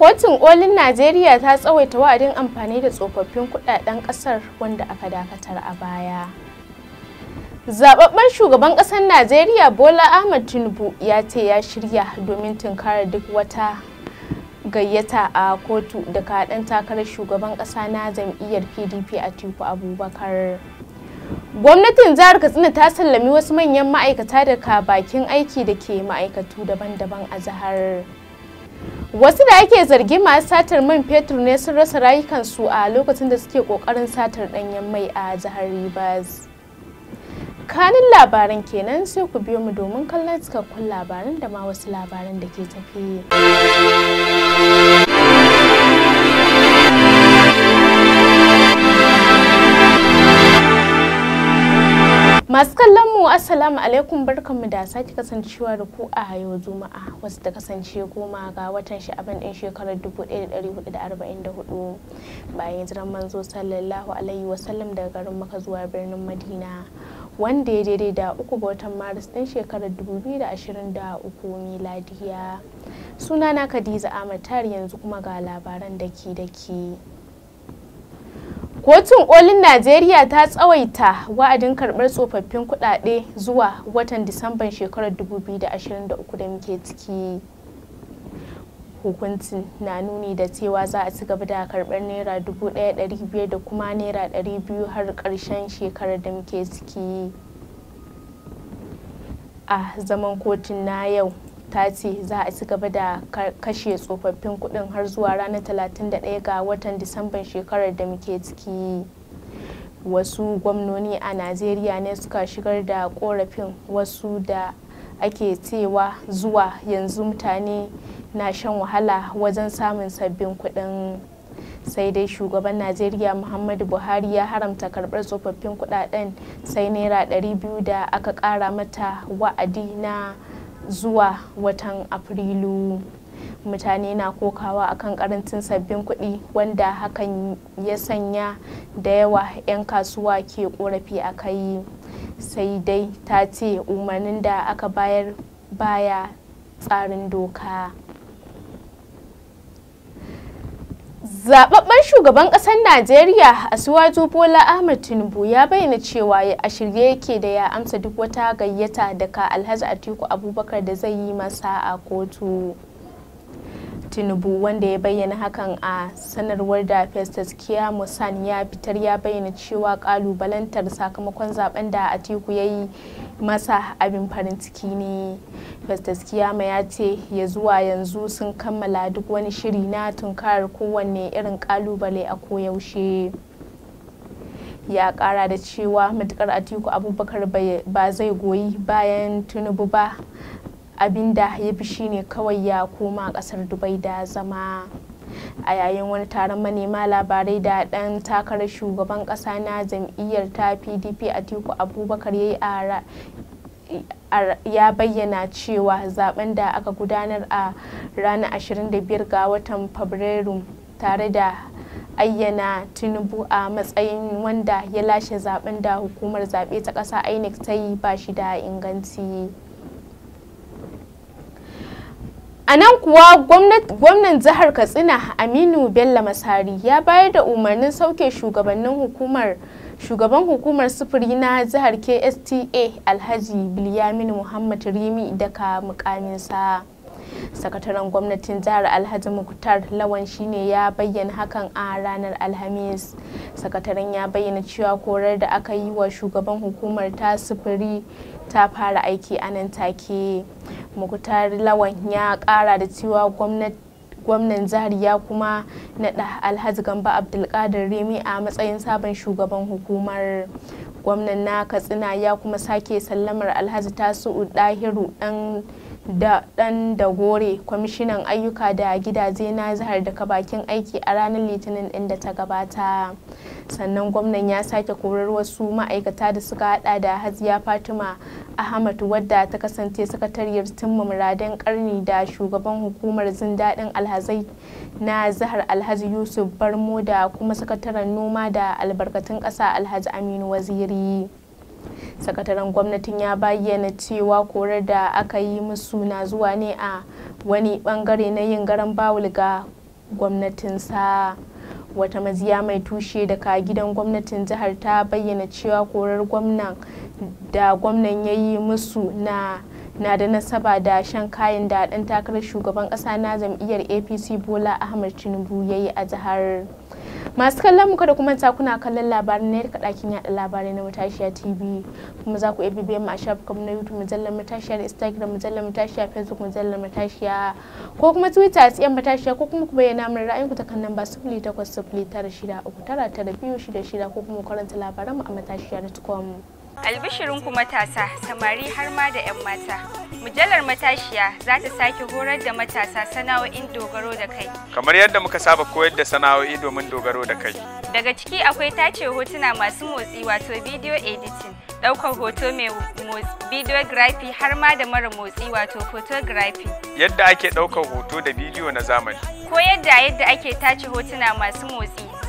Kotun Olin Najeriya ta tsawaita wa'adin amfani da tsofaffin kudaden kasar wanda aka dakatar a baya. Zababben shugaban kasar Najeriya Bola Ahmed Tinubu ya ce ya shirya domin tunkarar duk wata gayyata a kotu da kaɗan takarar shugaban ƙasa na jam'iyyar PDP a Tiku Abubakar. Gwamnatin jihar Katsina ta sallami wasu manyan ma'aikata da ka bakin aiki da ke ma'aikatu daban-daban a jihar. Wasu da ake zargi masu satar man fetur ne sun rasa rayukansu a lokacin da suke kokarin satar ɗanyen mai a jihar Rivers. Kanin labaran kenan sai ku biyo mu domin kallon cikakkun labaran da ma wasu labaran da ke tafiye. Masu kallon mu assalamu alaikum barkanmu da sake kasancewa da ku a yau Juma'a wasu ta kasance goma ga watan sha'aban ɗin shekarar 1444 bayan jiran manzo sallallahu alaihi wasallam daga garin maka zuwa birnin Madina wanda ya daidai da uku ga watan Maris ɗin shekarar 2023 miladiya. Sunana na Ahmad Tari yanzu kuma ga labaran daki-daki. Kotun Olin Najeriya ta tsawaita wa'adin karɓar tsofaffin kuɗaɗe zuwa watan Disamban shekarar 2023 da muke ciki. Hukuncin na nuni da cewa za a ci gaba da karɓar Naira 1,500 da kuma Naira 200 har ƙarshen shekarar da muke ciki. A zaman kotun na yau, ta ce za a ci gaba da kashe tsofaffin kuɗin har zuwa ranar 31 ga watan disamban shekarar da muke ciki wasu gwamnoni a najeriya ne suka shigar da korafin wasu da ake cewa zuwa yanzu mutane na shan wahala wajen samun sabbin kuɗin sai dai shugaban najeriya muhammadu buhari ya haramta karɓar tsofaffin kuɗaɗen sai naira 200 da aka ƙara mata wa'adi na zuwa watan afrilu mutane na kokawa akan karancin sabbin kuɗi wanda hakan ya sanya da yawa 'yan kasuwa ke korafi a kai sai dai ta ce umarnin da aka bayar baya tsarin doka Zababben shugaban ƙasar Najeriya Asuwaju Bola Ahmed Tinubu ya bayyana cewa a shirye yake da ya amsa duk wata gayyata daga Alhaji Atiku Abubakar da zai yi masa a kotu. Tinubu wanda ya bayyana hakan a sanarwar da Festus Musan ya fitar ya bayyana cewa kalubalantar sakamakon zaben da Atiku ya yi masa abin farin ciki ne mr kiyama ya ce ya zuwa yanzu sun kammala duk wani shiri na tunkarar kowanne irin kalubale a koyaushe ya kara da cewa matukar atiku abubakar ba zai goyi bayan tunubu ba abinda ya fi shine kawai ya koma kasar dubai da zama a yayin wani taron manema labarai da dan takarar shugaban kasa na jam'iyyar ta pdp atiku abubakar ya yi ya bayyana cewa zaben da aka gudanar a ranar 25 ga watan fabrairu tare da ayyana tinubu a matsayin wanda ya lashe zaben da hukumar zaɓe ta ƙasa inec ta yi ba shi da inganci A nan kuwa gwamnan jihar Katsina Aminu Bello Masari ya bayar da umarnin sauke shugabannin hukumar shugaban hukumar sufuri na jihar KSTA Alhaji Bilyamin Muhammad Rimi daga mukaminsa. sakataren gwamnatin jihar alhaji muktar lawan shine ya bayyana hakan a ranar alhamis sakataren ya bayyana cewa korar da aka yi wa shugaban hukumar ta sufuri ta fara aiki a nan take muktar lawan ya kara da cewa gwamnan jihar ya kuma naɗa alhaji gamba abdulkadir remi a matsayin sabon shugaban hukumar gwamnan na katsina ya kuma sake sallamar alhaji tasu'u dahiru dan da gore kwamishinan ayyuka da gidaje na jihar daga bakin aiki a ranar litinin din da ta gabata sannan gwamnan ya sake korar wasu ma'aikata da suka hada da haziya fatima ahmad wadda ta kasance sakatariyar cimma muradin karni da shugaban hukumar jin daɗin alhazai na zahar alhaji yusuf barmo da kuma sakataren noma da albarkatun ƙasa alhaji aminu waziri sakataren gwamnatin ya bayyana cewa korar da aka yi musu na zuwa ne a wani bangare na yin garan bawul ga gwamnatinsa. wata maziya mai tushe daga gidan gwamnatin jihar ta bayyana cewa korar gwamnan da gwamnan ya yi musu na na da nasaba da shan kayan da dan takarar shugaban ƙasa na jam'iyyar apc bola ahmed tinubu ya yi a jihar masu kallon mu kada kuma takuna kuna kallon labarin na yadda kaɗakin yaɗa labarai na matashiya tv kuma za ku iya bibiyan mu a shafukan na youtube mujallar matashiya da instagram mujallar matashiya facebook mujallar matashiya ko kuma twitter a tsayin matashiya ko kuma ku bayyana min ku ta kan namba sifili takwas sifili tara shida uku tara tara biyu shida shida ko kuma karanta labaran mu a matashiya da tukwamu. albishirin kuma matasa samari har ma da 'yan mata Mujallar matashiya za ta sake horar da matasa sana'o'in dogaro da kai. Kamar yadda muka saba koyar da sana'o'i domin dogaro da kai. Daga ciki akwai tace hotuna masu motsi wato video editing, ɗaukar hoto mai videography har ma da mara motsi wato photography. Yadda ake ɗaukar hoto da bidiyo na zamani. Ko yadda yadda ake tace hotuna masu motsi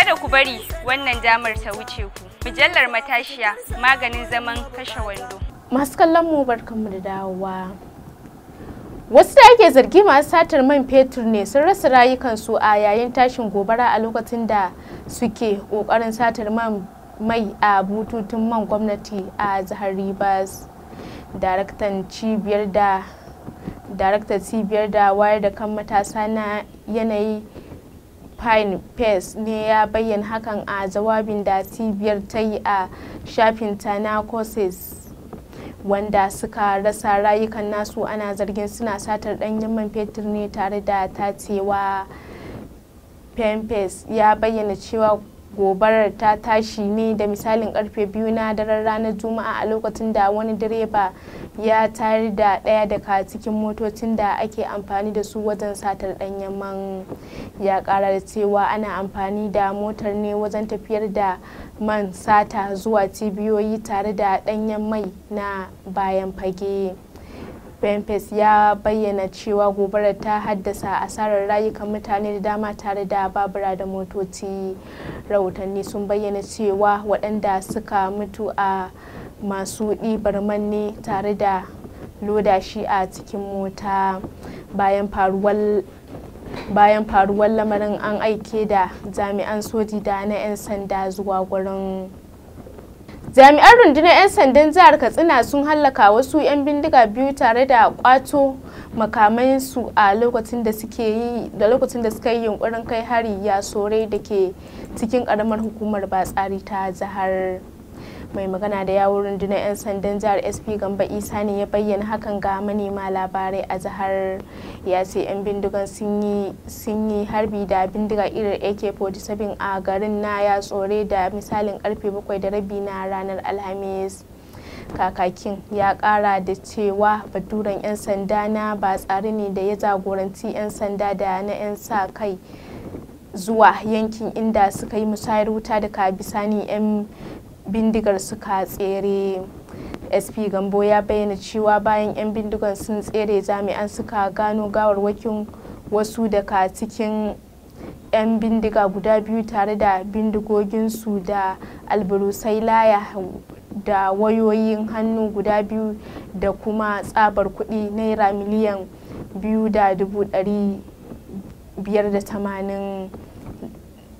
Kada ku bari wannan damar ta wuce ku. Mujallar matashiya maganin zaman kashe wando. Masu kallon mu barkanmu da dawowa. Wasu da ake zargi masu satar man fetur ne sun rasa rayukansu a yayin tashin gobara a lokacin da suke kokarin satar man mai a bututun man gwamnati a jihar Rivers. Daraktan cibiyar da daraktan cibiyar da wayar da kan matasa na yanayi pine pace ne ya bayyana hakan a jawabin da cibiyar ta yi a shafin ta na courses wanda suka rasa rayukan nasu ana zargin suna satar ɗan yamman fetur ne tare da tacewa Pace ya bayyana cewa gobarar ta tashi ne da misalin karfe biyu na daren ranar juma'a a lokacin da wani direba ya tare da ɗaya daga cikin motocin da ake amfani da su wajen satar ɗanyen man ya ƙara da cewa ana amfani da motar ne wajen tafiyar da man sata zuwa cibiyoyi tare da ɗanyen mai na bayan fage. benfes ya bayyana cewa gobarar ta haddasa asarar rayukan mutane da dama tare da babura da motoci rahotanni sun bayyana cewa waɗanda suka mutu a masu ɗibar manne tare da loda shi a cikin mota bayan faruwar lamarin an aike da jami'an soji da na 'yan sanda zuwa gurin jami'an rundunar 'yan sandan jihar katsina sun hallaka wasu 'yan bindiga biyu tare da kwato su a lokacin da lokacin da suka yi yunkurin kai hari ya sore da ke cikin karamar hukumar batsari ta jihar mai magana da yawun rundunar 'yan sandan jihar sp gamba isa ne ya bayyana hakan ga manema labarai a jihar ya ce 'yan bindigan sun yi harbi da bindiga irin ak-47 a garin na ya tsore da misalin karfe 7 da rabi na ranar alhamis kakakin ya kara da cewa baturan 'yan sanda na ba tsari ne da ya jagoranci 'yan sanda da na 'yan sa kai zuwa yankin inda suka yi musayar wuta daga bisani 'yan bindigar suka tsere sp gambo ya bayyana cewa bayan 'yan bindigar sun tsere jami'an suka gano gawarwakin wasu daga cikin 'yan bindiga guda biyu tare da bindigoginsu da alburusai laya da wayoyin hannu guda biyu da kuma tsabar kuɗi naira miliyan biyu da dubu ɗari biyar da tamanin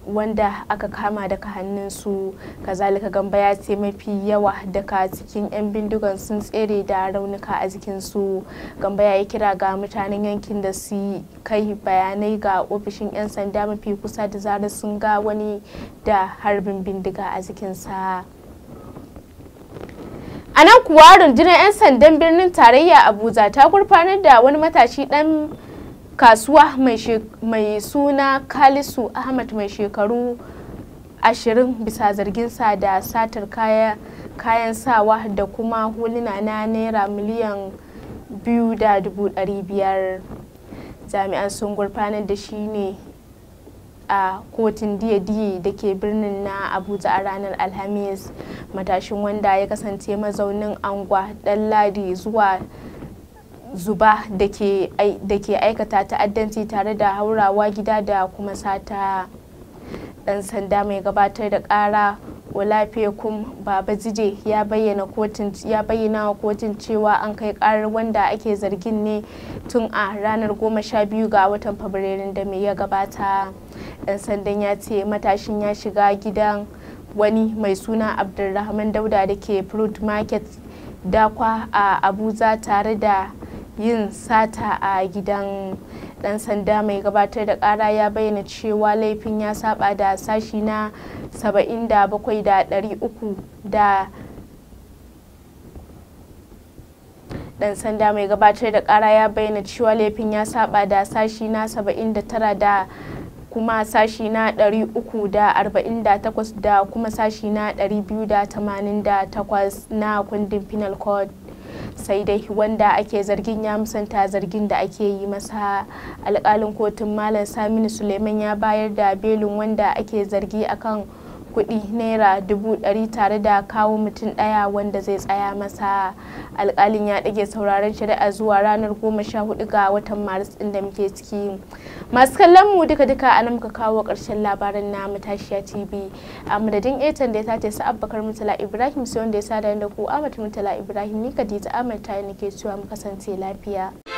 wanda aka kama daga hannunsu kazalika gamba ya ce mafi yawa daga cikin 'yan bindigan sun tsere da raunuka a jikinsu gamba ya yi kira ga mutanen yankin da su kai bayanai ga ofishin 'yan sanda mafi kusa da zarar sun ga wani da harbin bindiga a jikinsa a nan kuwa rundunar 'yan sandan birnin tarayya abuja ta gurfanar da wani matashi dan kasuwa mai suna kalisu ahmad mai shekaru 20 bisa zargin sa da satar kayan sawa da kuma huluna na naira miliyan 2,500 jami'an sun gurfanar da shi ne a kotun diya diye da ke birnin na abuja a ranar alhamis matashin wanda ya kasance mazaunin angwa dan ladi zuwa zuba da ke aikata ta'addanci tare da haurawa gida da kuma sata dan sanda mai gabatar da kara walafe kum baba bayyana ya bayyana wa kotun cewa an kai karar wanda ake zargin ne tun a ranar goma sha biyu ga watan fabrairun da mai ya gabata dan sandan ya ce matashin ya shiga gidan wani mai suna abdulrahman dauda da ke fruit market dakwa a abuja tare da yin sata a gidan dan sanda mai gabatar da kara ya bayyana cewa laifin ya saba da sashi na 77 da 300 da dan sanda mai gabatar da kara ya bayyana cewa laifin ya saba da sashi na 79 da kuma sashi na 348 da kuma sashi na 288 na kundin penal code sai dai wanda ake zargin ya musanta zargin da ake yi masa alkalin kotun malam saminu suleiman ya bayar da belin wanda ake zargi akan kuɗi naira dubu ɗari tare da kawo mutum ɗaya wanda zai tsaya masa alƙalin ya ɗage sauraron shari'a zuwa ranar goma sha hudu ga watan maris ɗin da muke ciki masu kallon mu duka duka a nan muka kawo ƙarshen labarin na matashiya tv a madadin etan da ya sace su Abubakar mutala ibrahim sai wanda ya sada da ku ahmad mutala ibrahim ni kadita amurta ne nake cewa mu kasance lafiya.